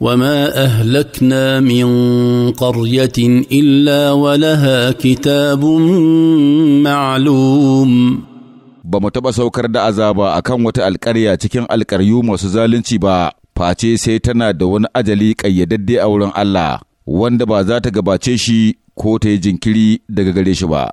وما اهلكنا من قريه الا ولها كتاب معلوم ba mu taɓa saukar da azaba a kan wata alƙarya cikin alƙaryu masu zalunci ba face sai tana da wani ajali ƙayyadadde a wurin Allah wanda ba za ta gabace shi ko ta yi jinkiri daga gare shi ba.